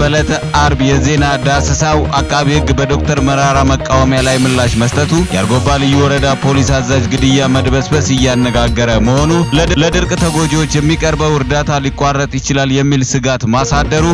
በዕለተ አርብ የዜና ዳሰሳው አቃቢ ሕግ በዶክተር መራራ መቃወሚያ ላይ ምላሽ መስጠቱ፣ የአርጎባ ልዩ ወረዳ ፖሊስ አዛዥ ግድያ መድበስበስ እያነጋገረ መሆኑ፣ ለድርቅ ተጎጂዎች የሚቀርበው እርዳታ ሊቋረጥ ይችላል የሚል ስጋት ማሳደሩ፣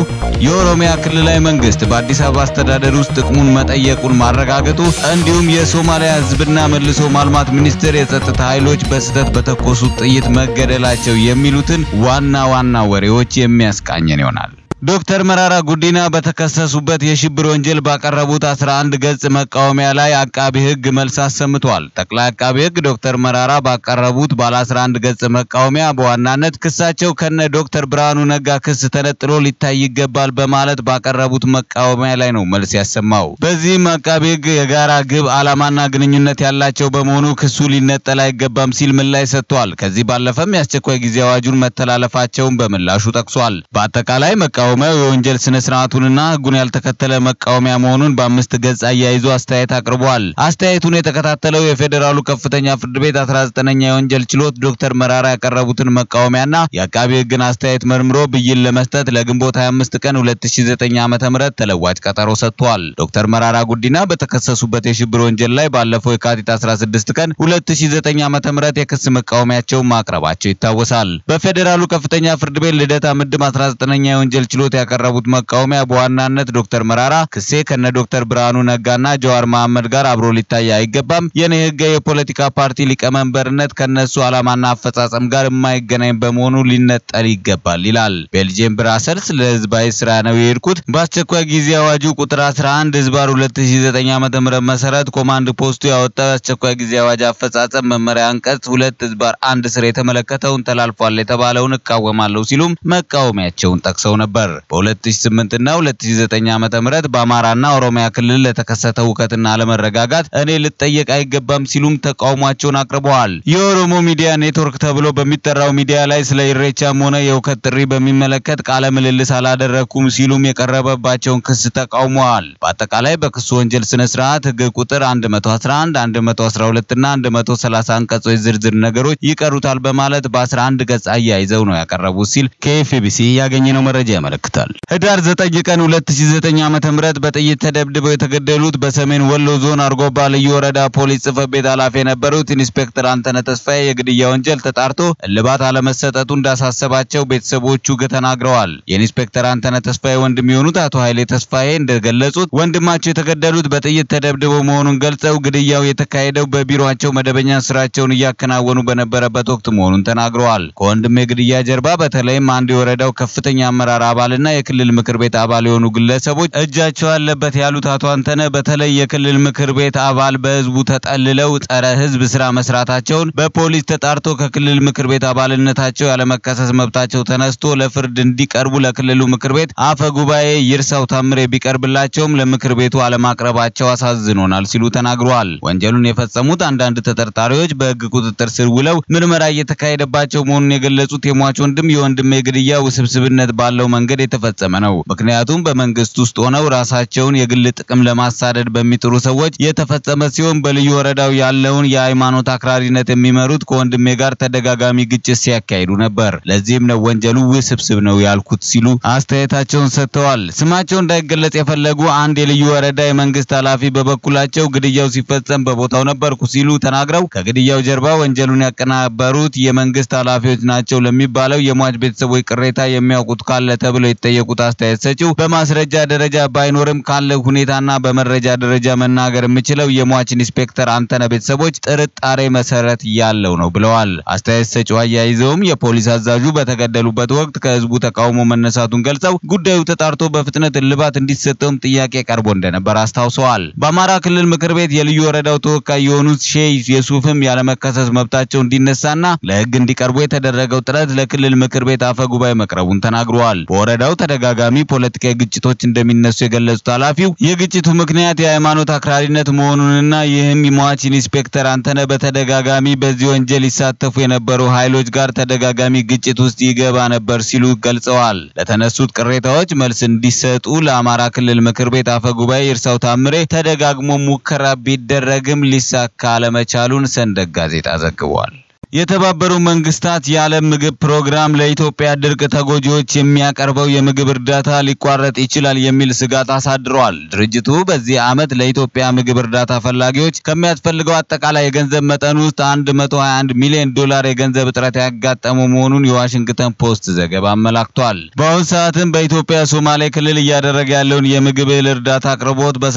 የኦሮሚያ ክልላዊ መንግስት በአዲስ አበባ አስተዳደር ውስጥ ጥቅሙን መጠየቁን ማረጋገጡ፣ እንዲሁም የሶማሊያ ህዝብና መልሶ ማልማት ሚኒስቴር የጸጥታ ኃይሎች በስህተት በተኮሱት ጥይት መገደላቸው የሚሉትን ዋና ዋና ወሬዎች የሚያስቃኘን ይሆናል። ዶክተር መራራ ጉዲና በተከሰሱበት የሽብር ወንጀል ባቀረቡት 11 ገጽ መቃወሚያ ላይ አቃቢ ሕግ መልስ አሰምቷል። ጠቅላይ አቃቢ ሕግ ዶክተር መራራ ባቀረቡት ባለ 11 ገጽ መቃወሚያ በዋናነት ክሳቸው ከነ ዶክተር ብርሃኑ ነጋ ክስ ተነጥሎ ሊታይ ይገባል በማለት ባቀረቡት መቃወሚያ ላይ ነው መልስ ያሰማው። በዚህም አቃቢ ሕግ የጋራ ግብ ዓላማና ግንኙነት ያላቸው በመሆኑ ክሱ ሊነጠል አይገባም ሲል ምላሽ ሰጥቷል። ከዚህ ባለፈም የአስቸኳይ ጊዜ አዋጁን መተላለፋቸውን በምላሹ ጠቅሷል። በአጠቃላይ መቃወ የተቃወመው የወንጀል ስነ ስርዓቱንና ህጉን ያልተከተለ መቃወሚያ መሆኑን በአምስት ገጽ አያይዞ አስተያየት አቅርቧል። አስተያየቱን የተከታተለው የፌዴራሉ ከፍተኛ ፍርድ ቤት 19ኛ የወንጀል ችሎት ዶክተር መራራ ያቀረቡትን መቃወሚያና የአቃቢ ህግን አስተያየት መርምሮ ብይን ለመስጠት ለግንቦት 25 ቀን 2009 ዓ.ም ተለዋጭ ቀጠሮ ሰጥቷል። ዶክተር መራራ ጉዲና በተከሰሱበት የሽብር ወንጀል ላይ ባለፈው የካቲት 16 ቀን 2009 ዓ.ም የክስ መቃወሚያቸውን ማቅረባቸው ይታወሳል። በፌዴራሉ ከፍተኛ ፍርድ ቤት ልደታ ምድብ 19ኛ የወንጀል ችሎት ያቀረቡት መቃወሚያ በዋናነት ዶክተር መራራ ክሴ ከነ ዶክተር ብርሃኑ ነጋና ጀዋር መሐመድ ጋር አብሮ ሊታይ አይገባም፣ የኔ ህገ የፖለቲካ ፓርቲ ሊቀመንበርነት ከነሱ ዓላማና አፈጻጸም ጋር የማይገናኝ በመሆኑ ሊነጠል ይገባል ይላል። ቤልጅየም ብራሰልስ ለህዝባዊ ስራ ነው የሄድኩት። በአስቸኳይ ጊዜ አዋጁ ቁጥር 11 ህዝባር 2009 ዓ.ም መሰረት ኮማንድ ፖስቱ ያወጣው የአስቸኳይ ጊዜ አዋጅ አፈጻጸም መመሪያ አንቀጽ ሁለት ህዝባር አንድ ስር የተመለከተውን ተላልፏል የተባለውን እቃወማለሁ ሲሉም መቃወሚያቸውን ጠቅሰው ነበር። ነበር። በ2008 እና 2009 ዓ.ም በአማራና ኦሮሚያ ክልል ለተከሰተ ውከትና አለመረጋጋት እኔ ልጠየቅ አይገባም ሲሉም ተቃውሟቸውን አቅርበዋል። የኦሮሞ ሚዲያ ኔትወርክ ተብሎ በሚጠራው ሚዲያ ላይ ስለ ኢሬቻም ሆነ የውከት ጥሪ በሚመለከት ቃለ ምልልስ አላደረኩም ሲሉም የቀረበባቸውን ክስ ተቃውመዋል። በአጠቃላይ በክሱ ወንጀል ስነ ስርዓት ህግ ቁጥር 111፣ 112 እና 130 አንቀጾች ዝርዝር ነገሮች ይቀሩታል በማለት በ11 ገጽ አያይዘው ነው ያቀረቡት ሲል ከኤፍቢሲ ያገኘነው መረጃ ያመለክታል። ያመለክታል። ህዳር 9 ቀን 2009 ዓ.ም በጥይት ተደብድበው የተገደሉት በሰሜን ወሎ ዞን አርጎባ ልዩ ወረዳ ፖሊስ ጽህፈት ቤት ኃላፊ የነበሩት ኢንስፔክተር አንተነ ተስፋዬ የግድያ ወንጀል ተጣርቶ እልባት አለመሰጠቱ እንዳሳሰባቸው ቤተሰቦቹ ተናግረዋል። የኢንስፔክተር አንተነ ተስፋዬ ወንድም የሆኑት አቶ ኃይሌ ተስፋዬ እንደገለጹት ወንድማቸው የተገደሉት በጥይት ተደብድበው መሆኑን ገልጸው ግድያው የተካሄደው በቢሮቸው መደበኛ ስራቸውን እያከናወኑ በነበረበት ወቅት መሆኑን ተናግረዋል። ከወንድም የግድያ ጀርባ በተለይም አንድ የወረዳው ከፍተኛ አመራር አባል አባልና የክልል ምክር ቤት አባል የሆኑ ግለሰቦች እጃቸው አለበት ያሉት አቶ አንተነ በተለይ የክልል ምክር ቤት አባል በህዝቡ ተጠልለው ጸረ ህዝብ ስራ መስራታቸውን በፖሊስ ተጣርቶ ከክልል ምክር ቤት አባልነታቸው ያለመከሰስ መብታቸው ተነስቶ ለፍርድ እንዲቀርቡ ለክልሉ ምክር ቤት አፈ ጉባኤ ይርሳው ታምሬ ቢቀርብላቸውም ለምክር ቤቱ አለማቅረባቸው አሳዝኖናል ሲሉ ተናግረዋል። ወንጀሉን የፈጸሙት አንዳንድ ተጠርጣሪዎች በህግ ቁጥጥር ስር ውለው ምርመራ እየተካሄደባቸው መሆኑን የገለጹት የሟች ወንድም የወንድሜ ግድያ ውስብስብነት ባለው መንገድ መንገድ የተፈጸመ ነው። ምክንያቱም በመንግስት ውስጥ ሆነው ራሳቸውን የግል ጥቅም ለማሳደድ በሚጥሩ ሰዎች የተፈጸመ ሲሆን በልዩ ወረዳው ያለውን የሃይማኖት አክራሪነት የሚመሩት ከወንድሜ ጋር ተደጋጋሚ ግጭት ሲያካሂዱ ነበር። ለዚህም ነው ወንጀሉ ውስብስብ ነው ያልኩት ሲሉ አስተያየታቸውን ሰጥተዋል። ስማቸው እንዳይገለጽ የፈለጉ አንድ የልዩ ወረዳ የመንግስት ኃላፊ በበኩላቸው ግድያው ሲፈጸም በቦታው ነበርኩ ሲሉ ተናግረው ከግድያው ጀርባ ወንጀሉን ያቀናበሩት የመንግስት ኃላፊዎች ናቸው ለሚባለው የሟች ቤተሰቦች ቅሬታ የሚያውቁት ካለ ተብሎ ብለው የተጠየቁት አስተያየት ሰጪው በማስረጃ ደረጃ ባይኖርም ካለ ሁኔታና በመረጃ ደረጃ መናገር የምችለው የሟች ኢንስፔክተር አንተነ ቤተሰቦች ጥርጣሬ መሰረት ያለው ነው ብለዋል። አስተያየት ሰጪው አያይዘውም የፖሊስ አዛዡ በተገደሉበት ወቅት ከህዝቡ ተቃውሞ መነሳቱን ገልጸው ጉዳዩ ተጣርቶ በፍጥነት እልባት እንዲሰጠውም ጥያቄ ቀርቦ እንደነበር አስታውሰዋል። በአማራ ክልል ምክር ቤት የልዩ ወረዳው ተወካይ የሆኑት ሼህ የሱፍም ያለመከሰስ መብታቸው እንዲነሳና ለህግ እንዲቀርቡ የተደረገው ጥረት ለክልል ምክር ቤት አፈ ጉባኤ መቅረቡን ተናግረዋል። በወረዳው ተደጋጋሚ ፖለቲካዊ ግጭቶች እንደሚነሱ የገለጹት ኃላፊው የግጭቱ ምክንያት የሃይማኖት አክራሪነት መሆኑንና ይህም ሟች ኢንስፔክተር አንተነ በተደጋጋሚ በዚህ ወንጀል ይሳተፉ የነበሩ ኃይሎች ጋር ተደጋጋሚ ግጭት ውስጥ ይገባ ነበር ሲሉ ገልጸዋል። ለተነሱት ቅሬታዎች መልስ እንዲሰጡ ለአማራ ክልል ምክር ቤት አፈ ጉባኤ ይርሳው ታምሬ ተደጋግሞ ሙከራ ቢደረግም ሊሳካ አለመቻሉን ሰንደቅ ጋዜጣ ዘግቧል። የተባበሩ መንግስታት የዓለም ምግብ ፕሮግራም ለኢትዮጵያ ድርቅ ተጎጂዎች የሚያቀርበው የምግብ እርዳታ ሊቋረጥ ይችላል የሚል ስጋት አሳድሯል። ድርጅቱ በዚህ ዓመት ለኢትዮጵያ ምግብ እርዳታ ፈላጊዎች ከሚያስፈልገው አጠቃላይ የገንዘብ መጠን ውስጥ 121 ሚሊዮን ዶላር የገንዘብ እጥረት ያጋጠሙ መሆኑን የዋሽንግተን ፖስት ዘገባ አመላክቷል። በአሁኑ ሰዓትም በኢትዮጵያ ሶማሌ ክልል እያደረገ ያለውን የምግብ እህል እርዳታ አቅርቦት በ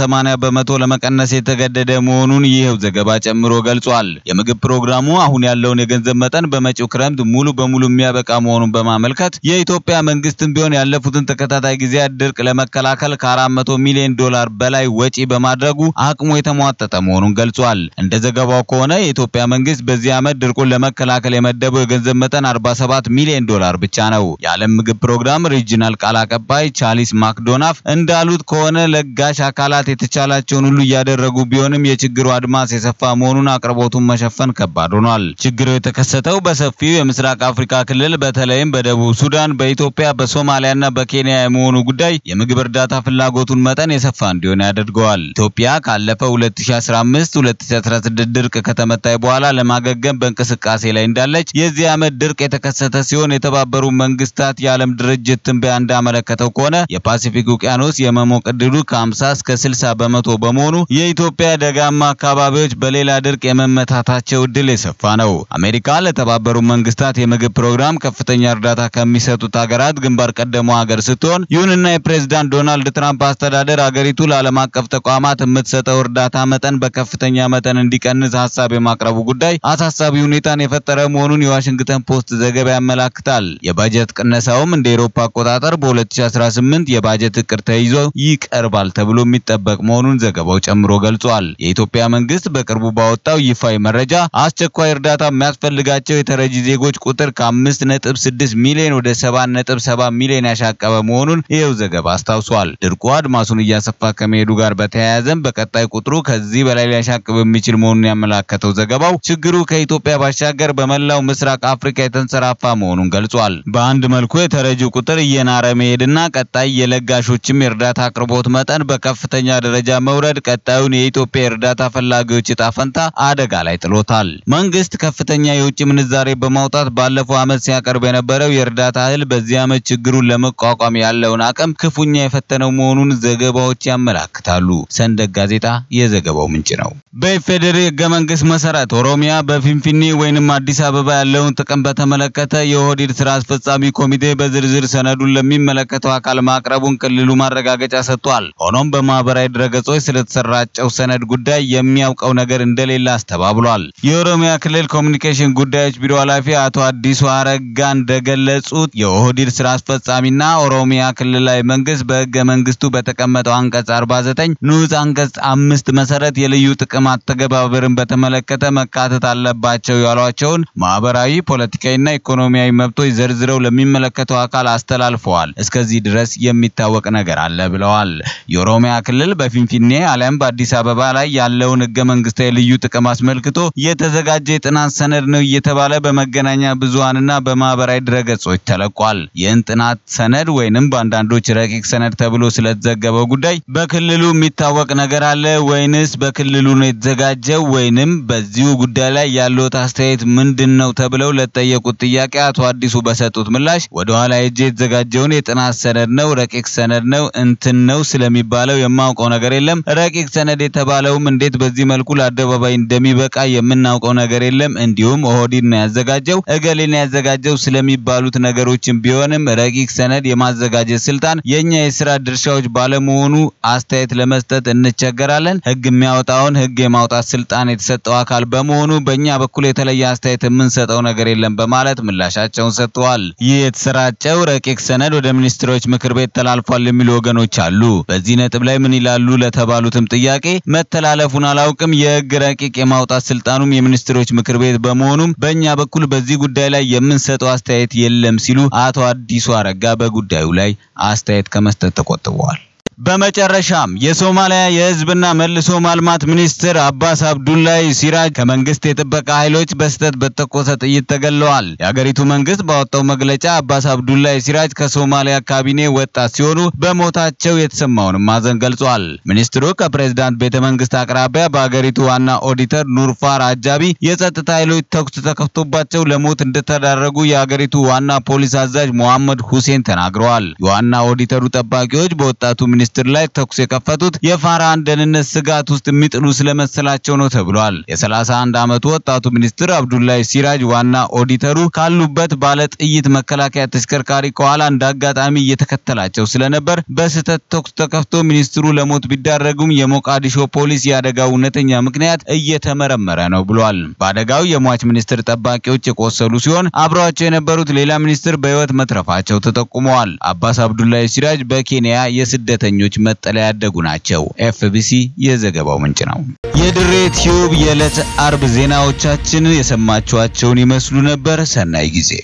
በመቶ ለመቀነስ የተገደደ መሆኑን ይህው ዘገባ ጨምሮ ገልጿል። የምግብ ፕሮግራሙ አሁን ያለውን የገንዘብ መጠን በመጪው ክረምት ሙሉ በሙሉ የሚያበቃ መሆኑን በማመልከት የኢትዮጵያ መንግስትም ቢሆን ያለፉትን ተከታታይ ጊዜያት ድርቅ ለመከላከል ከ400 ሚሊዮን ዶላር በላይ ወጪ በማድረጉ አቅሙ የተሟጠጠ መሆኑን ገልጿል። እንደ ዘገባው ከሆነ የኢትዮጵያ መንግስት በዚህ ዓመት ድርቁን ለመከላከል የመደበው የገንዘብ መጠን 47 ሚሊዮን ዶላር ብቻ ነው። የዓለም ምግብ ፕሮግራም ሪጂናል ቃል አቀባይ ቻሊስ ማክዶናፍ እንዳሉት ከሆነ ለጋሽ አካላት የተቻላቸውን ሁሉ እያደረጉ ቢሆንም የችግሩ አድማስ የሰፋ መሆኑን አቅርቦቱን መሸፈን ከባድ ሆኗል። ችግር ዛሬው የተከሰተው በሰፊው የምስራቅ አፍሪካ ክልል በተለይም በደቡብ ሱዳን፣ በኢትዮጵያ፣ በሶማሊያና በኬንያ የመሆኑ ጉዳይ የምግብ እርዳታ ፍላጎቱን መጠን የሰፋ እንዲሆን ያደርገዋል። ኢትዮጵያ ካለፈው 2015 2016 ድርቅ ከተመታይ በኋላ ለማገገም በእንቅስቃሴ ላይ እንዳለች የዚህ ዓመት ድርቅ የተከሰተ ሲሆን የተባበሩ መንግስታት የዓለም ድርጅት ትንበያ እንዳመለከተው ከሆነ የፓሲፊክ ውቅያኖስ የመሞቅ እድሉ ከ50 እስከ 60 በመቶ በመሆኑ የኢትዮጵያ ደጋማ አካባቢዎች በሌላ ድርቅ የመመታታቸው እድል የሰፋ ነው። አሜሪካ ለተባበሩ መንግስታት የምግብ ፕሮግራም ከፍተኛ እርዳታ ከሚሰጡት ሀገራት ግንባር ቀደሙ ሀገር ስትሆን ይሁንና የፕሬዝዳንት ዶናልድ ትራምፕ አስተዳደር አገሪቱ ለዓለም አቀፍ ተቋማት የምትሰጠው እርዳታ መጠን በከፍተኛ መጠን እንዲቀንስ ሀሳብ የማቅረቡ ጉዳይ አሳሳቢ ሁኔታን የፈጠረ መሆኑን የዋሽንግተን ፖስት ዘገባ ያመላክታል። የባጀት ቅነሳውም እንደ ኤሮፓ አቆጣጠር በ2018 የባጀት እቅድ ተይዞ ይቀርባል ተብሎ የሚጠበቅ መሆኑን ዘገባው ጨምሮ ገልጿል። የኢትዮጵያ መንግስት በቅርቡ ባወጣው ይፋዊ መረጃ አስቸኳይ እርዳታ የሚያስፈልጋቸው የተረጂ ዜጎች ቁጥር ከ5.6 ሚሊዮን ወደ 7.7 ሚሊዮን ያሻቀበ መሆኑን ይኸው ዘገባ አስታውሷል። ድርቁ አድማሱን እያሰፋ ከመሄዱ ጋር በተያያዘም በቀጣይ ቁጥሩ ከዚህ በላይ ሊያሻቅብ የሚችል መሆኑን ያመላከተው ዘገባው ችግሩ ከኢትዮጵያ ባሻገር በመላው ምስራቅ አፍሪካ የተንሰራፋ መሆኑን ገልጿል። በአንድ መልኩ የተረጂው ቁጥር እየናረ መሄድና ቀጣይ የለጋሾችም የእርዳታ አቅርቦት መጠን በከፍተኛ ደረጃ መውረድ ቀጣዩን የኢትዮጵያ የእርዳታ ፈላጊዎች እጣ ፈንታ አደጋ ላይ ጥሎታል። መንግስት ከፍተኛ ከፍተኛ የውጭ ምንዛሬ በማውጣት ባለፈው ዓመት ሲያቀርብ የነበረው የእርዳታ እህል በዚህ ዓመት ችግሩን ለመቋቋም ያለውን አቅም ክፉኛ የፈተነው መሆኑን ዘገባዎች ያመላክታሉ። ሰንደቅ ጋዜጣ የዘገባው ምንጭ ነው። በኢፌዴሪ ህገ መንግስት መሰረት ኦሮሚያ በፊንፊኔ ወይንም አዲስ አበባ ያለውን ጥቅም በተመለከተ የኦህዴድ ስራ አስፈጻሚ ኮሚቴ በዝርዝር ሰነዱን ለሚመለከተው አካል ማቅረቡን ክልሉ ማረጋገጫ ሰጥቷል። ሆኖም በማህበራዊ ድረገጾች ስለተሰራጨው ሰነድ ጉዳይ የሚያውቀው ነገር እንደሌለ አስተባብሏል። የኦሮሚያ ክልል ኮሚኒኬሽን ኮሚኒኬሽን ጉዳዮች ቢሮ ኃላፊ አቶ አዲሱ አረጋ እንደገለጹት የኦህዲድ ስራ አስፈጻሚና ኦሮሚያ ክልላዊ መንግስት በህገ መንግስቱ በተቀመጠው አንቀጽ 49 ንዑስ አንቀጽ አምስት መሰረት የልዩ ጥቅም አተገባበርን በተመለከተ መካተት አለባቸው ያሏቸውን ማህበራዊ፣ ፖለቲካዊና ኢኮኖሚያዊ መብቶች ዘርዝረው ለሚመለከተው አካል አስተላልፈዋል። እስከዚህ ድረስ የሚታወቅ ነገር አለ ብለዋል። የኦሮሚያ ክልል በፊንፊኔ አሊያም በአዲስ አበባ ላይ ያለውን ህገ መንግስታዊ ልዩ ጥቅም አስመልክቶ የተዘጋጀ የጥናት ሰነድ ሰነድ ነው እየተባለ በመገናኛ ብዙሃንና በማህበራዊ ድረገጾች ተለቋል። ይህን ጥናት ሰነድ ወይንም በአንዳንዶች ረቂቅ ሰነድ ተብሎ ስለተዘገበው ጉዳይ በክልሉ የሚታወቅ ነገር አለ ወይንስ በክልሉ ነው የተዘጋጀው ወይንም በዚሁ ጉዳይ ላይ ያለዎት አስተያየት ምንድን ነው ተብለው ለተጠየቁት ጥያቄ አቶ አዲሱ በሰጡት ምላሽ ወደኋላ ሄጄ የተዘጋጀውን የጥናት ሰነድ ነው ረቂቅ ሰነድ ነው እንትን ነው ስለሚባለው የማውቀው ነገር የለም። ረቂቅ ሰነድ የተባለውም እንዴት በዚህ መልኩ ለአደባባይ እንደሚበቃ የምናውቀው ነገር የለም እንዲ እንዲሁም ኦህዴድ ያዘጋጀው፣ እገሌን ያዘጋጀው ስለሚባሉት ነገሮችን ቢሆንም ረቂቅ ሰነድ የማዘጋጀት ስልጣን የኛ የስራ ድርሻዎች ባለመሆኑ አስተያየት ለመስጠት እንቸገራለን። ህግ የሚያወጣውን ህግ የማውጣት ስልጣን የተሰጠው አካል በመሆኑ በእኛ በኩል የተለየ አስተያየት የምንሰጠው ነገር የለም በማለት ምላሻቸውን ሰጥተዋል። ይህ የተሰራጨው ረቂቅ ሰነድ ወደ ሚኒስትሮች ምክር ቤት ተላልፏል የሚሉ ወገኖች አሉ። በዚህ ነጥብ ላይ ምን ይላሉ ለተባሉትም ጥያቄ መተላለፉን አላውቅም፣ የህግ ረቂቅ የማውጣት ስልጣኑም የሚኒስትሮች ምክር ቤት በመሆኑም በእኛ በኩል በዚህ ጉዳይ ላይ የምንሰጠው አስተያየት የለም ሲሉ አቶ አዲሱ አረጋ በጉዳዩ ላይ አስተያየት ከመስጠት ተቆጥበዋል። በመጨረሻም የሶማሊያ የህዝብና መልሶ ማልማት ሚኒስትር አባስ አብዱላይ ሲራጅ ከመንግስት የጥበቃ ኃይሎች በስህተት በተኮሰ ጥይት ተገለዋል። የአገሪቱ መንግስት ባወጣው መግለጫ አባስ አብዱላይ ሲራጅ ከሶማሊያ ካቢኔ ወጣት ሲሆኑ በሞታቸው የተሰማውን ማዘን ገልጿል። ሚኒስትሩ ከፕሬዝዳንት ቤተ መንግስት አቅራቢያ በአገሪቱ ዋና ኦዲተር ኑርፋር አጃቢ የጸጥታ ኃይሎች ተኩስ ተከፍቶባቸው ለሞት እንደተዳረጉ የአገሪቱ ዋና ፖሊስ አዛዥ ሞሐመድ ሁሴን ተናግረዋል። የዋና ኦዲተሩ ጠባቂዎች በወጣቱ ሚኒስ ሚኒስትር ላይ ተኩስ የከፈቱት የፋራን ደህንነት ስጋት ውስጥ የሚጥሉ ስለመሰላቸው ነው ተብሏል። የ31 ዓመቱ ወጣቱ ሚኒስትር አብዱላይ ሲራጅ ዋና ኦዲተሩ ካሉበት ባለ ጥይት መከላከያ ተሽከርካሪ ከኋላ እንደ አጋጣሚ እየተከተላቸው ስለነበር በስህተት ተኩስ ተከፍቶ ሚኒስትሩ ለሞት ቢዳረጉም የሞቃዲሾ ፖሊስ የአደጋው እውነተኛ ምክንያት እየተመረመረ ነው ብሏል። በአደጋው የሟች ሚኒስትር ጠባቂዎች የቆሰሉ ሲሆን አብረዋቸው የነበሩት ሌላ ሚኒስትር በህይወት መትረፋቸው ተጠቁመዋል። አባስ አብዱላይ ሲራጅ በኬንያ የስደተኛ ስደተኞች መጠለያ ያደጉ ናቸው። ኤፍቢሲ የዘገባው ምንጭ ነው። የድሬ ቲዩብ የዕለት አርብ ዜናዎቻችን የሰማችኋቸውን ይመስሉ ነበር። ሰናይ ጊዜ